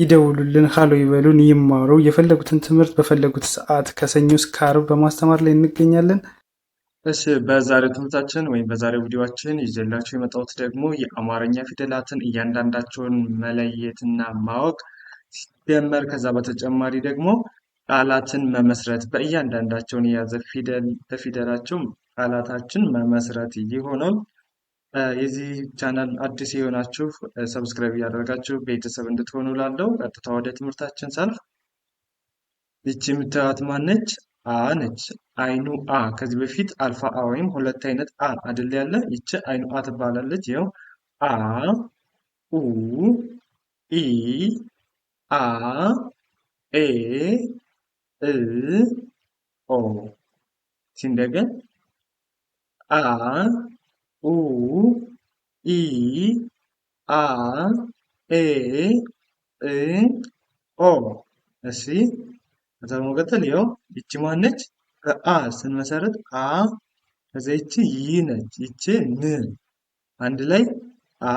ይደውሉልን፣ ሀሎ ይበሉን፣ ይማሩ። የፈለጉትን ትምህርት በፈለጉት ሰዓት ከሰኞ እስከ ዓርብ በማስተማር ላይ እንገኛለን። እሺ በዛሬው ትምህርታችን ወይም በዛሬው ቪዲዮችን ይዤላችሁ የመጣሁት ደግሞ የአማርኛ ፊደላትን እያንዳንዳቸውን መለየትና ማወቅ ሲደመር ከዛ በተጨማሪ ደግሞ ቃላትን መመስረት በእያንዳንዳቸውን የያዘ ፊደል በፊደላቸው ቃላታችን መመስረት ይሆናል። የዚህ ቻናል አዲስ የሆናችሁ ሰብስክራይብ እያደረጋችሁ ቤተሰብ እንድትሆኑ ላለው ቀጥታ ወደ ትምህርታችን ሳልፍ ይቺ የምታዩት ማነች? አ ነች። አይኑ አ ከዚህ በፊት አልፋ አ ወይም ሁለት አይነት አ አድል ያለ ይቺ አይኑ አ ትባላለች። ይኸው አ ኡ ኢ አ ኤ እ ኦ ሲንደገን አ ኡ ኢ e, e, አ ኤ እ ኦ እሺ ከዛ በመቀጠል ይኸው ይቺ ማነች? በአ ስንመሰርት አ ከዛ ይቺ ይ ነች። ይቺ ን አንድ ላይ አ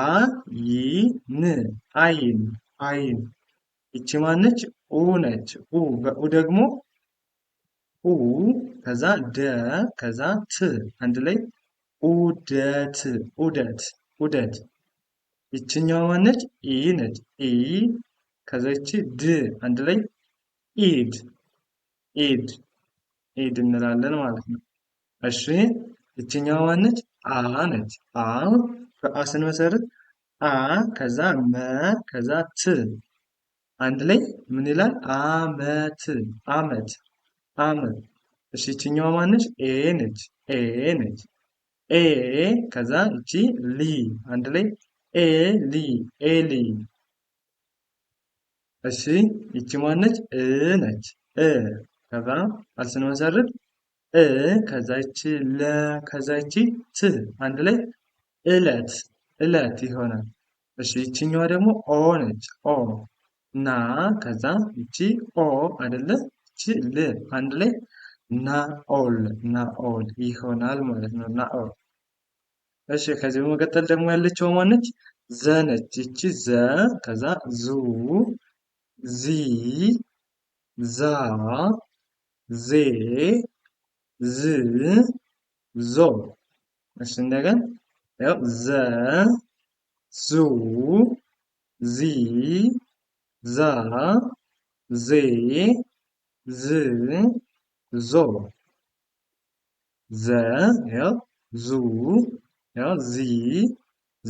ይ ን አይን አይን። ይቺ ማነች? ኡ ነች። ኡ በኡ ደግሞ ኡ ከዛ ደ ከዛ ት አንድ ላይ ኡደት ኡደት ኡደት ይችኛዋ ማነች? ኢ ነች። ኢ ከዛች ድ አንድ ላይ ኢድ ኢድ ኢድ እንላለን ማለት ነው። እሺ ይችኛዋ ማነች? አ ነች። አ በአ ስንመሰርት አ ከዛ መ ከዛ ት አንድ ላይ ምን ይላል? አመት አመት አመት። እሺ ይችኛዋ ማነች? ኤ ነች። ኤ ነች። ኤ ከዛ እቺ ሊ አንድ ላይ ኤ ሊ ኤ ሊ። እሺ ይቺ ማነች? እ ነች እ ከዛ ቃል ስንመሰርት እ ከዛች ለ ከዛች ት አንድ ላይ እለት እለት ይሆናል። እሺ ይቺኛዋ ደግሞ ኦ ነች ኦ እና ከዛ እቺ ኦ አይደለ እቺ ል አንድ ላይ ናኦል ናኦል ይሆናል ማለት ነው። ናኦል። እሺ ከዚህ በመቀጠል ደግሞ ያለችው ማነች? ዘ ነች። ይቺ ዘ ከዛ ዙ ዚ ዛ ዜ ዝ ዞ። እሺ እንደገና ያው ዘ ዙ ዚ ዛ ዜ ዝ ዞ ዘ ያው ዙ ዚ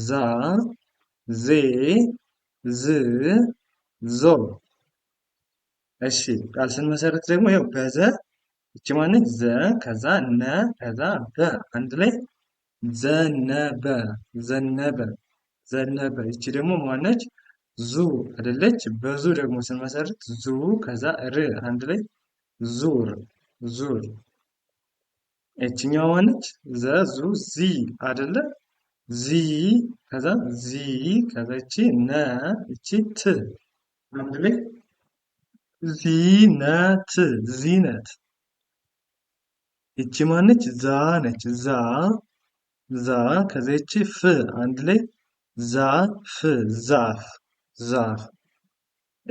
ዛ ዜ ዝ ዞ። እሺ ቃል ስንመሰረት ደግሞ ያው በዘ እቺ ማነች ዘ ከዛ ነ ከዛ በ አንድ ላይ ዘነበ ዘነበ ዘነበ። እቺ ደግሞ ማነች ዙ አይደለች። በዙ ደግሞ ስንመሰርት ዙ ከዛ ር አንድ ላይ ዙር ዙ የችኛዋ ነች? ዘ ዙ ዚ አይደለ? ዚ ከዛ ዚ ከዛ እቺ ነ እቺ ት አንድ ላይ ዚ ነት እቺ ማነች? ዛ ነች። ዛ ዛ ከዛ እቺ ፍ አንድ ላይ ዛ ፍ ዛፍ ዛፍ።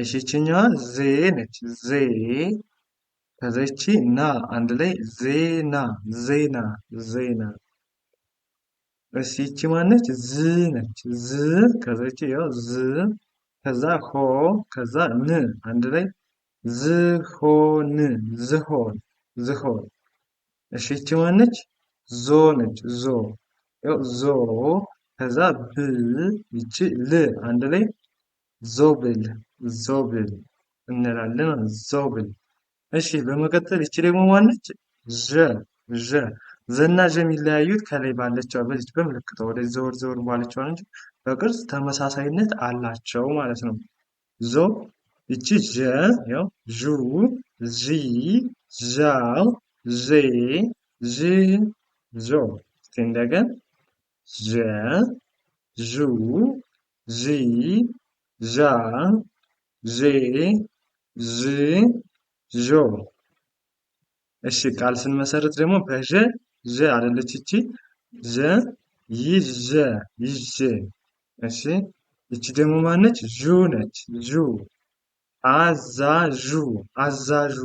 እሺ እቺኛዋ ዜ ነች። ዜ ከዛ ና አንድ ላይ ዜና ዜና ዜና። እሺ ይቺ ማነች? ዝ ነች። ዝ ከዛ ያው ዝ ከዛ ሆ ከዛ ን አንድ ላይ ዝሆን ዝሆን ዝሆን። እሺ ይቺ ማነች? ዞ ነች። ዞ ያው ዞ ከዛ ብ ይቺ ል አንድ ላይ ዞብል ዞብል እንላለን። ዞብል እሺ በመቀጠል ይቺ ደግሞ ማነች? ዠ ዠ ዘና ዠ የሚለያዩት ከላይ ባለችው በዚች በምልክተው ወደዚህ ዘወር ዘወር ባለችው እንጂ በቅርጽ ተመሳሳይነት አላቸው ማለት ነው። ዞ ይቺ ዠ ያው ዡ ዢ ዣ ዤ ዥ ዞ እስቲ እንደገን ዠ ዡ ዢ ዣ ዤ ዥ ዦ እሺ ቃል ስንመሰርት ደግሞ በዠ ዠ አደለች እቺ ዠ ይዤ ይዤ እሺ እቺ ደግሞ ማነች ዡ ነች ዡ አዛዡ አዛዡ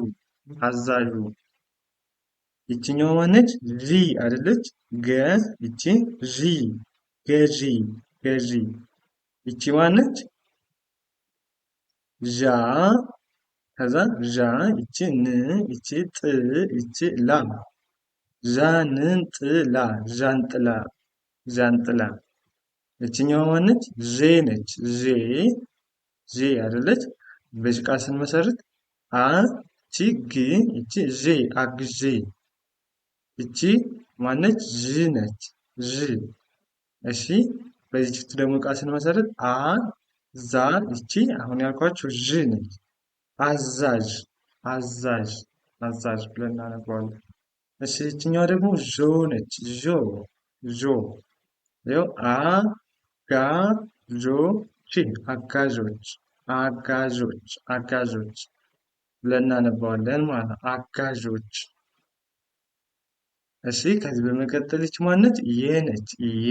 አዛዡ ይችኛው ማነች ዢ አደለች ገ ይቺ ዢ ገዢ ገዢ ይቺ ማነች ዣ ከዛ ዣ ይቺ ን ይቺ ጥ ይቺ ላ ዣንን ጥላ ዣንጥላ ዣንጥላ። እችኛዋ ማነች? ዤ ነች። ዤ ዤ አይደለች። በዚህ ቃል ስንመሰርት አ እቺ ግ እቺ ዤ አግዤ እቺ ማነች? ዥ ነች። ዥ እሺ። በዚህ ደግሞ ቃል ስንመሰርት አ ዛ እቺ አሁን ያልኳችሁ ዥ ነች። አዛዥ አዛዥ አዛዥ ብለን እናነባዋለን። እሺ ይችኛዋ ደግሞ ዦ ነች። ዦ ዦ ይኸው አ ጋ ዦ ቺ አጋዦች አጋዦች አጋዦች ብለን እናነባዋለን ማለት ነው። አጋዦች እሺ ከዚህ በመቀጠል ይች ማነች? የ ነች። የ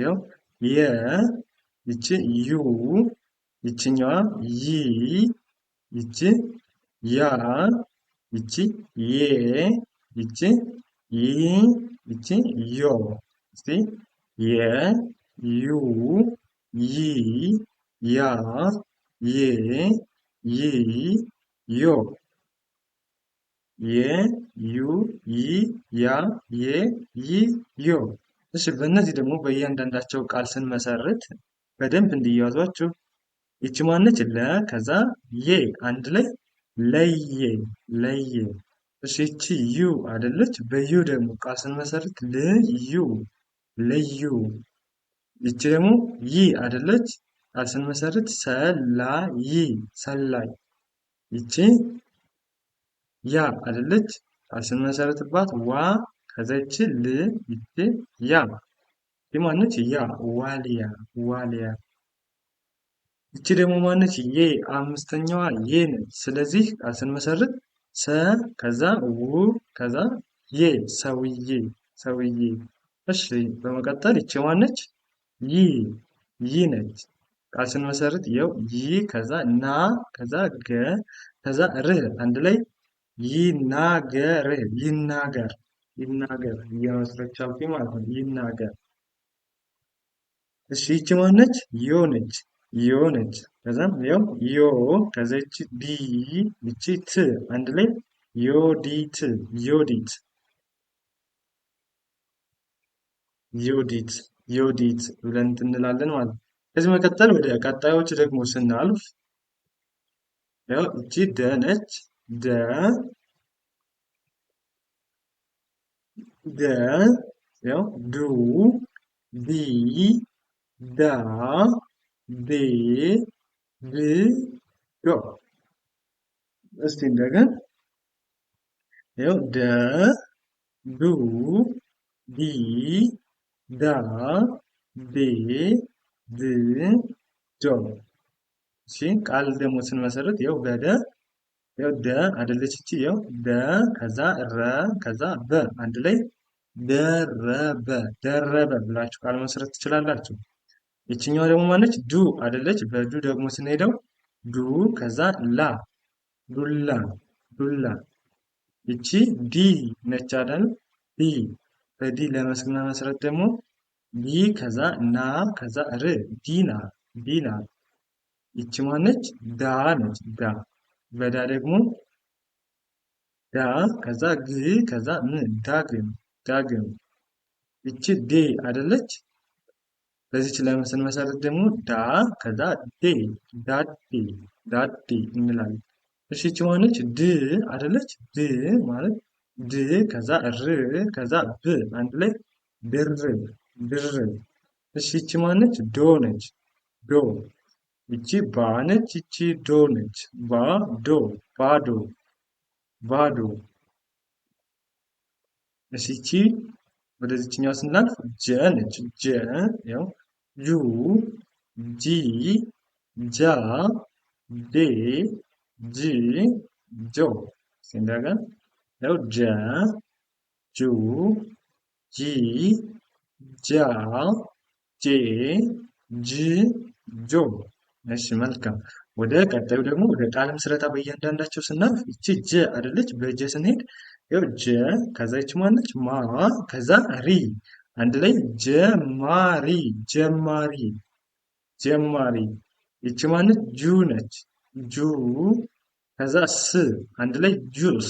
ይኸው የ ይቺ ዩ ይችኛዋ ይ ይቺ ያ ይቺ ዬ ይቺ ይ ይቺ ዮ እስቲ የ ዩ ይ ያ ዬ ይ ዮ የ ዩ ይ ያ ዬ ይ ዮ እሺ በእነዚህ ደግሞ በእያንዳንዳቸው ቃል ስንመሰርት በደንብ እንዲያዟችሁ ይቺ ማነች? ለ ከዛ የ አንድ ላይ ለየ ለየ። እሺ ይቺ ዩ አይደለች? በዩ ደግሞ ቃል ስንመሰርት ልዩ ልዩ። ይቺ ደግሞ ይ አይደለች? ቃል ስንመሰርት ሰላይ ሰላይ። ይቺ ያ አይደለች? ቃል ስንመሰርትባት ዋ ከዛ ይቺ ል ይቺ ያ ይቺ ማነች? ያ ዋልያ ዋልያ እቺ ደግሞ ማነች? ዬ አምስተኛዋ ዬ ነች። ስለዚህ ቃል ስንመሰርት ሰ ከዛ ው ከዛ ዬ ሰውዬ ሰውዬ። እሺ በመቀጠል እቺ ማነች? ይ ይ ነች። ቃል ስንመሰርት የው ይ ከዛ ና ከዛ ገ ከዛ ርህ አንድ ላይ ይናገር ይናገር ይናገር እያመስረቻልኩኝ ማለት ነው። ይናገር። እሺ ይቺ ማነች? ዮ ነች። ዮ ነች። ከዛም ያው ዮ ከዛ ዲ ይቺ ት አንድ ላይ ዮዲት ዮዲት ዮዲት ዮዲት ብለን እንላለን ማለት ነው። ከዚህ መቀጠል ወደ ቀጣዮች ደግሞ ስናልፍ ያው እቺ ደ ነች። ደ ደ ያው ዱ ዲ ዳ ብ ብ ዶ እስቲ እንደገን ይኸው ደ ዱ ዲ ዳ ዴ ድ ዶ እሺ ቃል ደግሞ ስንመሰርት ይኸው በደ ይኸው ደ አይደለች እቺ ይኸው ደ ከዛ ረ ከዛ በ አንድ ላይ ደረበ ደረበ ብላችሁ ቃል መመስረት ትችላላችሁ። ይችኛዋ ደግሞ ማነች? ዱ አይደለች? በዱ ደግሞ ስንሄደው ዱ ከዛ ላ ዱላ ዱላ። ይቺ ዲ ነች አይደል? ዲ በዲ ለመስክና መሰረት ደግሞ ዲ ከዛ ና ከዛ ር ዲና ዲና። ይቺ ማነች? ዳ ነች። ዳ በዳ ደግሞ ዳ ከዛ ግ ከዛ ም ዳግም ዳግም። ይቺ ዴ አይደለች? በዚች ለምን መሰረት ደግሞ ዳ ከዛ ዴ ዳዴ ዳዴ እንላለን። እሺ ሆነች ድ አደለች? ድ ማለት ድ ከዛ ር ከዛ ብ አንድ ላይ ብር ብር። እሺ ይቺ ማነች? ዶ ነች። ዶ ይቺ ባ ነች። ይቺ ዶ ነች። ባ ዶ ባዶ ባዶ። እሺ ይቺ ወደዚችኛው ስናልፍ ጀ ነች። ጀ ያው ጁ ጂ ጃ ጄ ጅ ጆ ሲንደገን ው ጀ ጁ ጂ ጃ ጄ ጅ ጆ። እሺ መልካም። ወደ ቀጣዩ ደግሞ ወደ ቃል ምስረታ በእያንዳንዳቸው ስናልፍ ይቺ ጀ አይደለች። በጀ ስንሄድ ው ጀ ከዛ ይች ማነች ማ ከዛ ሪ አንድ ላይ ጀማሪ ጀማሪ ጀማሪ። ይቺ ማነች? ጁ ነች። ጁ ከዛ ስ አንድ ላይ ጁስ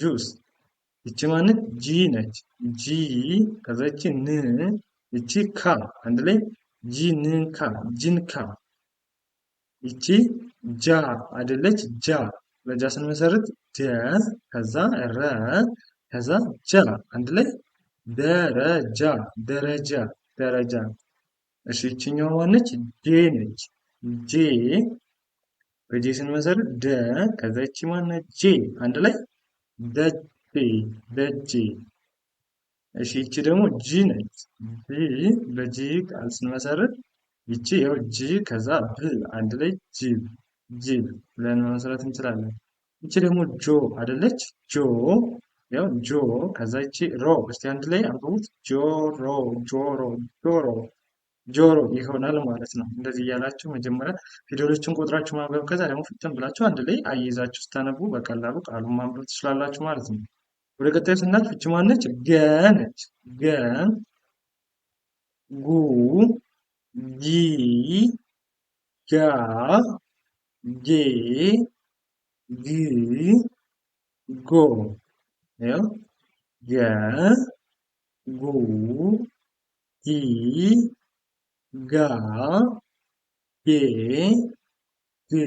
ጁስ። ይቺ ማነች? ጂ ነች። ጂ ከዛ ይቺ ን ይቺ ካ አንድ ላይ ጂንካ ጂንካ። ይቺ ጃ አይደለች? ጃ ለጃ ስንመሰርት ጀ ከዛ ረ ከዛ ጃ አንድ ላይ ደረጃ ደረጃ ደረጃ። እሺ ይችኛዋ ማነች? ዴ ነች። ጄ በጄ ስንመሰርት ደ ከዛ ይቺ ማነች? ጄ አንድ ላይ ደጄ ደጄ። እሺ ይቺ ደግሞ ጂ ነች። ጂ በጂ ቃል ስንመሰርት ይቺ ያው ጂ ከዛ ብ አንድ ላይ ጅብ ጅብ ብለን መመስረት እንችላለን። ይቺ ደግሞ ጆ አይደለች? ጆ ያው ጆ ከዛ ይቺ ሮ እስቲ አንድ ላይ አንብቡት። ጆሮ ጆሮ ጆሮ ጆሮ ይሆናል ማለት ነው። እንደዚህ እያላችሁ መጀመሪያ ፊደሎችን ቆጥራችሁ ማንበብ፣ ከዛ ደግሞ ፍጥን ብላችሁ አንድ ላይ አያይዛችሁ ስታነቡ በቀላሉ ቃሉን ማንበብ ትችላላችሁ ማለት ነው። ወደ ቀጣዩ ስናልፍ እች ማነች? ገ ነች። ገ ጉ ጊ ጋ ጌ ግ ጎ ይኸው የ ጉ ጂ ጋ ጌ ግ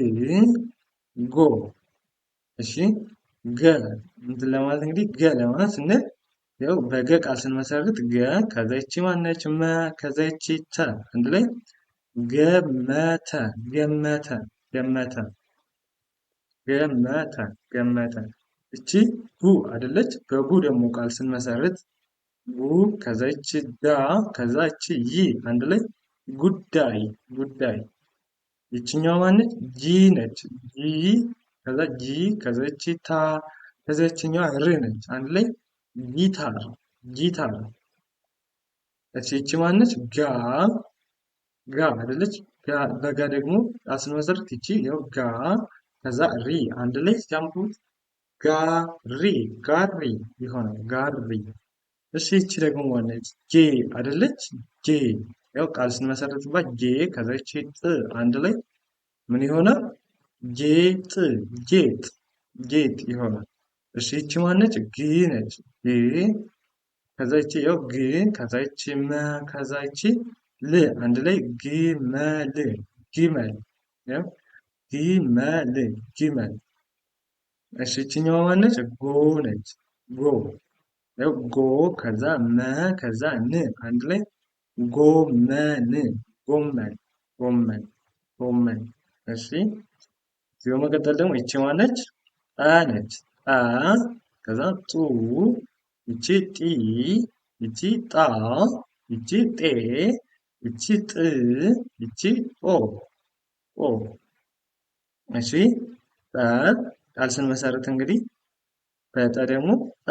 ጎ እሺ ገ እንትን ለማለት እንግዲህ ገ ለማለት ስንል ያው በገ ቃል ስንመሰርት ገ ከዛ ማነች መ ከዛ ተ አንድ ላይ ገመተ ገመተ ገመተ ገመተ ገመተ እቺ ጉ አደለች። በጉ ደግሞ ቃል ስንመሰርት ጉ ከዛ እቺ ዳ ከዛ እቺ ይ አንድ ላይ ጉዳይ ጉዳይ። ይችኛዋ ማነች? ጂ ነች። ጂ ከዛ ጂ ከዛ እቺ ታ ከዛ ይችኛዋ ር ነች። አንድ ላይ ጊታር ጊታር። እሺ እቺ ማነች? ጋ ጋ አደለች በጋ ደግሞ ቃል ስንመሰርት እቺ ያው ጋ ከዛ ሪ አንድ ላይ ሲያምጡት ጋሪ ጋሪ ይሆናል። ጋሪ እሺ፣ ይቺ ደግሞ ማነች? ጄ አይደለች? ጄ ያው ቃል ስንመሰረትባት ጄ ከዛ ይቺ ጥ አንድ ላይ ምን ይሆናል? ጌጥ ጌጥ ጌጥ ይሆናል። እሺ፣ ይቺ ማነች? ግ ነች። ግ ከዛ ይቺ ያው ግ ከዛ ይቺ መ ከዛ ይቺ ል አንድ ላይ ግመል ግመል ግመል ግመል እሺ ይችኛዋ ማነች? ጎ ነች። ጎ ጎ ከዛ መ ከዛ ን አንድ ላይ ጎመን ጎመን ጎመን ጎመን። እሺ እዚህ በመቀጠል ደግሞ ይቺ ማነች? ጠ ነች። ጠ ከዛ ጡ ይቺ ጢ ይቺ ጣ ይቺ ጤ ይቺ ጥ ይቺ ጦ ኦ እሺ ጠ ቃል ስንመሰርት እንግዲህ በጠ ደግሞ ጠ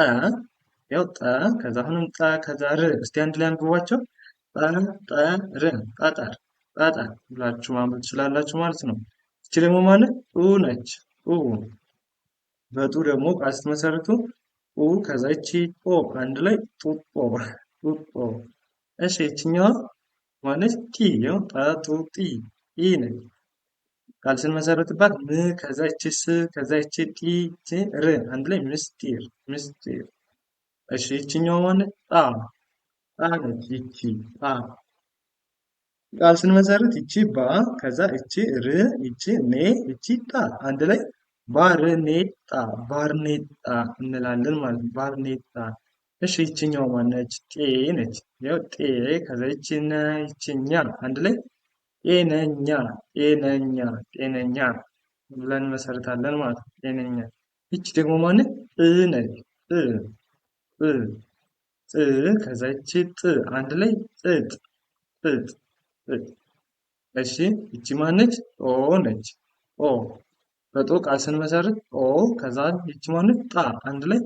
ያው ጠ ከዛ አሁንም ጠ ከዛ ር እስቲ አንድ ላይ አንብቧቸው ጠጠር ጠጠር ጠጠር ብላችሁ ማንበብ ትችላላችሁ ማለት ነው። እቺ ደግሞ ማለት ኡ ነች ኡ በጡ ደግሞ ቃል ስትመሰርቱ ኡ ከዛ እቺ ኦ አንድ ላይ ጡጦ ጡጦ። እሺ እቺኛዋ ማነች? ቲ ያው ጣ ጡ ጢ ኢ ነች ቃል ስንመሰረትባት ም ከዛች ስ ከዛች ጢ ር አንድ ላይ ምስጢር ምስጢር። እሺ ይችኛው ይችኛውን ጣ ጣ ነች ይቺ ጣ ቃል ስንመሰረት ይቺ ባ ከዛ እቺ ር ይቺ ኔ ይቺ ጣ አንድ ላይ ባርኔጣ ባርኔጣ እንላለን ማለት ነው። ባርኔጣ እሺ ይችኛው ማነች? ጤ ነች። ያው ጤ ከዛ ይችና ይችኛ አንድ ላይ ጤነኛ ጤነኛ ጤነኛ ብለን መሰረታለን ማለት ነው። ጤነኛ ይቺ ደግሞ ማን እ ነች እ እ ጥ ከዛ ይቺ ጥ አንድ ላይ ጥጥ ጥጥ ጥጥ። እሺ ይቺ ማነች? ኦ ነች ኦ በጦ ቃል ስንመሰርት ኦ ከዛ ይቺ ነች? ጣ አንድ ላይ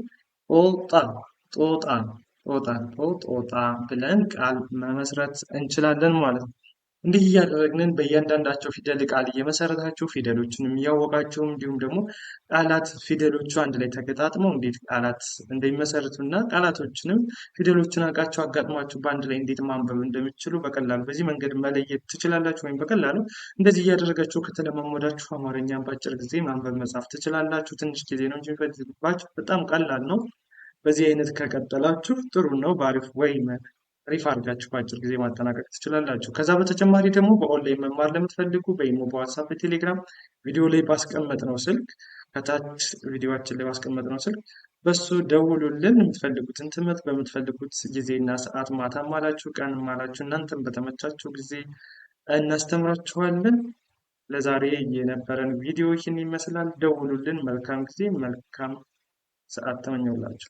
ጦጣ ጦጣ ጦጣ ጦጣ ብለን ቃል መመስረት እንችላለን ማለት ነው። እንዲህ እያደረግንን በእያንዳንዳቸው ፊደል ቃል እየመሰረታችሁ ፊደሎችንም እያወቃችሁ እንዲሁም ደግሞ ቃላት ፊደሎቹ አንድ ላይ ተገጣጥመው እንዴት ቃላት እና ቃላቶችንም ፊደሎችን አውቃችሁ አጋጥሟችሁ በአንድ ላይ እንዴት ማንበብ እንደሚችሉ በቀላሉ በዚህ መንገድ መለየት ትችላላችሁ። ወይም በቀላሉ እንደዚህ እያደረጋችሁ ከተለማመዳችሁ አማርኛን በአጭር ጊዜ ማንበብ መጻፍ ትችላላችሁ። ትንሽ ጊዜ ነው እንጂ በጣም ቀላል ነው። በዚህ አይነት ከቀጠላችሁ ጥሩ ነው፣ በአሪፍ ወይ ሪፍ አድርጋችሁ በአጭር ጊዜ ማጠናቀቅ ትችላላችሁ። ከዛ በተጨማሪ ደግሞ በኦንላይን መማር ለምትፈልጉ በኢሞ፣ በዋትሳፕ፣ በቴሌግራም ቪዲዮ ላይ ባስቀመጥ ነው ስልክ ከታች ቪዲዮችን ላይ ባስቀመጥ ነው ስልክ በሱ ደውሉልን። የምትፈልጉትን ትምህርት በምትፈልጉት ጊዜና ሰዓት ማታ አላችሁ ቀን ማላችሁ እናንተም በተመቻችሁ ጊዜ እናስተምራችኋለን። ለዛሬ የነበረን ቪዲዮ ይህን ይመስላል። ደውሉልን። መልካም ጊዜ መልካም ሰዓት ተመኘውላችሁ።